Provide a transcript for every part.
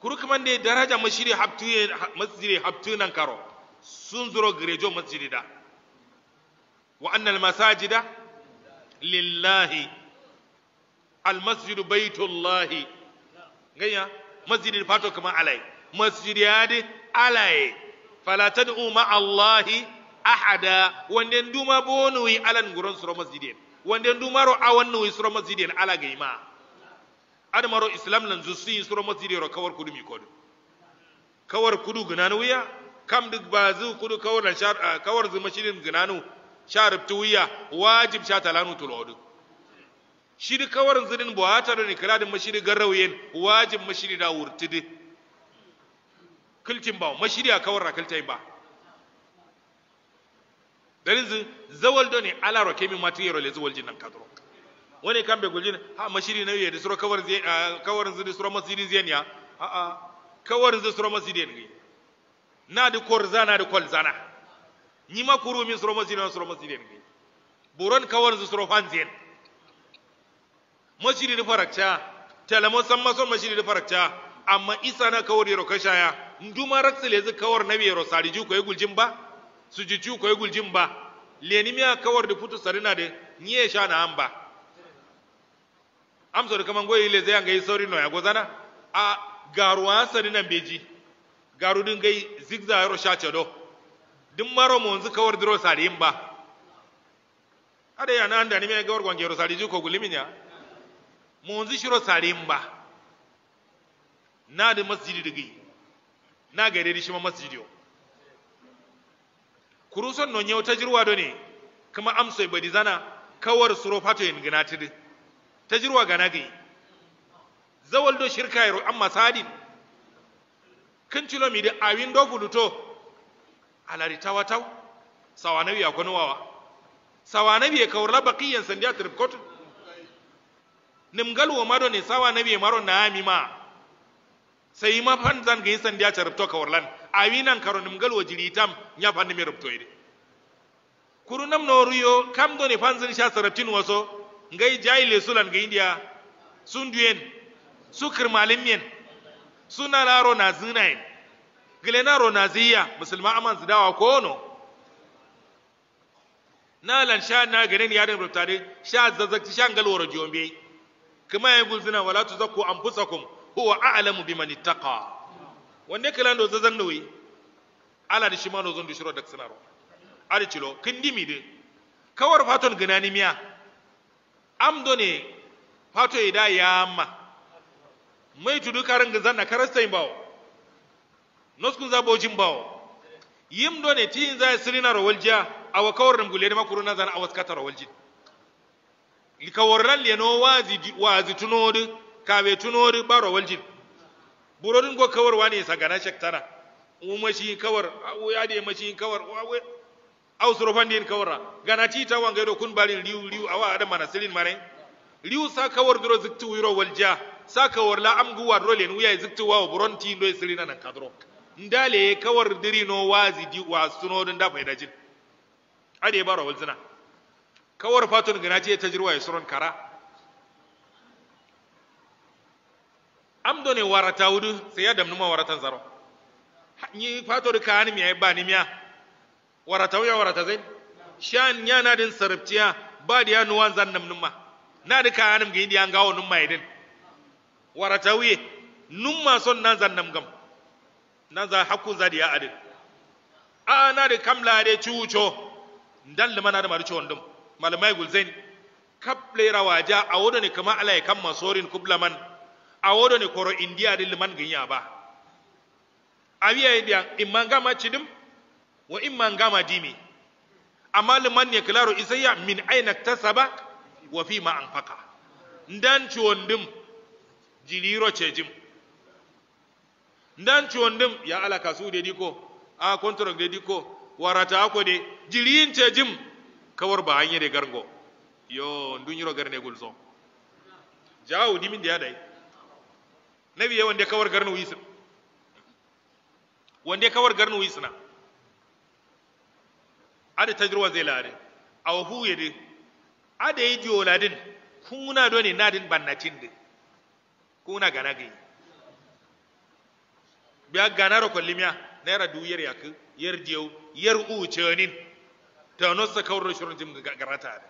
kurkumande daraja masjidi habtuye masjidi habtunan karo sun zuro grejo masjidi da wa annal masajida lillahi al masjidu baitullahi ganya masjidi fato kuma alai masjidi yadi alai fala tad'u ma allahi ahada wanda nduma bonu alan guron suro masjidi wanda ndumaro awan nuyi suro masjidi ala gaima ada maro islam nan zusi suro masjidi ro kawar kudu mi kodu kawar kudu gunanu wiya kam duk bazu kudu kawar nan shar ah, kawar zu masjidin gunanu sharib tu wajib sha talanu shi duk kawar zidin bo ata ro ni kiradin masjidi garrawiyen wajib masjidi da wurtidi kiltin ba masjidi a kawar kiltai ba dalin zawal doni ala ro kemi matiyero le zawal jinnan kadro Wani kan bai gulgin ha machiri nawi e suro kawar ah, kawar zidi soro masjidin zen ya aa kawar zidi soro masjidin gi naadi korza naadi kolzana ñima kuru min suro masjidin na soro masjidin gi buron kawar zidi soro fan zen machiri di farakca telemo samma son machiri di farakca amma na kawar yero kashaya nduma raksilezi kawar nawi yero sariju koye guljin ba Su jiju koye guljin ba lenimiya kawar da futu sarina ya sha na an ba amso kaman goyi le zai ngai sori no ya gozana a garu sani nan beji garu din gai zigza yaro sha do din maro mu yanzu kawar diro sari ba ada ya nan da ni me gawar gwangero sari ju ko guliminya mo nzu shiro sari ba na da masjidi gai, na gare shi ma yo kuruson no ta jirwa do ne kuma amso ibadi zana kawar suro fato yin ginatidi تجروا غناغي زوال دو شركة يرو أما سادين كنتلو ميدي آوين دو فلوتو على رتاوة تاو سوانوي أكون واوا سوانوي كورلا بقيا سنديا تربكوت نمغل ومارو نسوانوي مارو نامي ما سيما فانزان غي سنديا تربتو كورلان awinan karo nim gal wajiri tam nya fanni mi rubtoyde kuru nam no ruyo kam do ne zan sha sarabtin waso ngai le sulan ga india sun duyen su kirmalin min suna laro na zinai gile na ziya musulman aman su dawa ko no na lan sha na gare ni yarin rubtare sha zazzak sha ngal woro jombe kuma yayin gulzina wala tuzakku anfusakum huwa a'lamu biman ittaqa wanne kala ndo zazzan no wi ala da shi ma no zon da shiro da sanaro ala cilo kindimi de kawar faton ganani miya fato ya ida yamma mai tudu karin gizan na karasta yin bawo noskun zabo jin bawo yim do ne tiyin za siri na rawaljiya a wa kawar rungule da makuru na zan a wasu kata rawaljin likawarran leno wazi tunodi kabe tunodi ba rawaljin burodin go kawarwa ne sagana shektana umashi kawar ya da mashi kawar Au kawara gana ci ta wanga gayɗo kun balin liu liu awa aɗa mana silin mare liu sa kawar duro zikti wiro walja sa kawar la am guwar role en wuya zikti wawo buron tindo e silina na kadro ndale kawar dirino wazi di wa suno dun da fayda jin ade baro walzina kawar fatun ganati e tajruwa ya suron kara am warata wudu sai ya damnuma waratan zaro ni fator kaani miya ba ni miya warata wuya warata zain shan ya na din sarabtiya ba da ya nuwan zan nam numma na da ka hanum ga indiya gawo numma idin warata wuye numma son nan zan nam gam nan za hakku za da ya adin a na da kamla da cuco dan limana da marci wandum malamai gulzain kablera rawaja a wodo ne kama alai ya kan masorin kublaman a wodo ne koro indiya din liman ginya ba awiya indiya imanga gama cidim wa imma gama dimi amma liman ya klaro isayya min aina tasaba wa fi ma anfaqa ndan ciwondim jiliro cejim ndan ciwondim ya ala kasu de diko a contract de diko warata ako de jiliyin cejim kawar ba hanye de gargo yo nyiro garne gulso jawo dimin da ya dai nabi yawan da kawar garnu wisna wanda kawar garnu wisna ada tajruwa zai lare ya huyede ada yi ladin kuna do ne nadin bannatin de kuna gana gai biya gana ro kollimiya naira duyar yak yar diyo yar u chenin ta no sa kawro shurun jim garata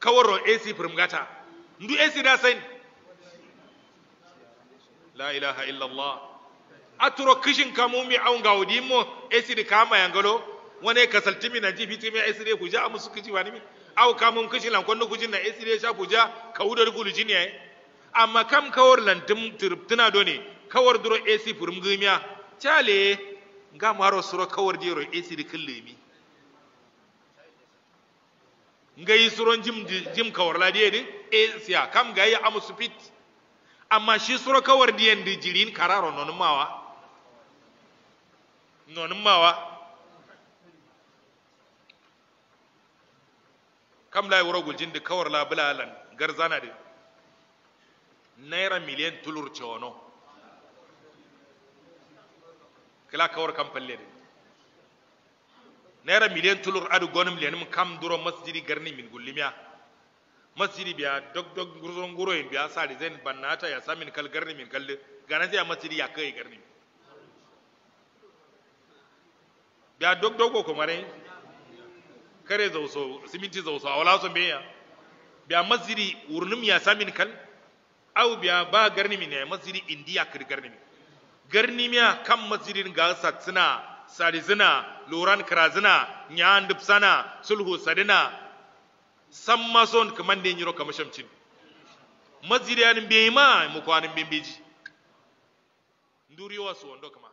kawro ac primgata ndu ac da sai la ilaha illallah aturo kishin kamumi au gaudimo ac da kama yangalo wone kasaltimi na ji fitimi a isire kuja a musu kiji wani mi aw kamun kishi lan konno kujin na isire sha kuja ka wudar gulu jini yayi amma kam kawar lantum tirptina do ne kawar duro ac furum gumiya chale ga maro suro kawar jero ac de kallemi ngai suron jim jim kawar la de din ac e, ya kam ga ya amusu fit amma shi suro kawar diyan di jirin kararo nonumawa nonumawa kam la wuro guljin da kawar la bulalan garzana da naira miliyan tulur cewono kila kawar kam falle da naira miliyan tulur adu gonim lenim kam duro masjidi garni min gullimiya masjidi biya dog dog gurzon guro in biya sari zain bannata ya samin kal garni min kal ganan ya masjidi ya kai garni biya dog dog ko mare kare zauso siminti zauso a wala son beya biya masiri wurnum ya samin kal au biya ba garni mi ne masiri indiya kir garni mi garni miya kan masirin ga satsina sarizina loran krazina nya dipsana sulhu sadina san mason kaman da yiro kamar shamcin masiri yanin bai ma mu kwanin bimbiji nduriyo wasu wando kama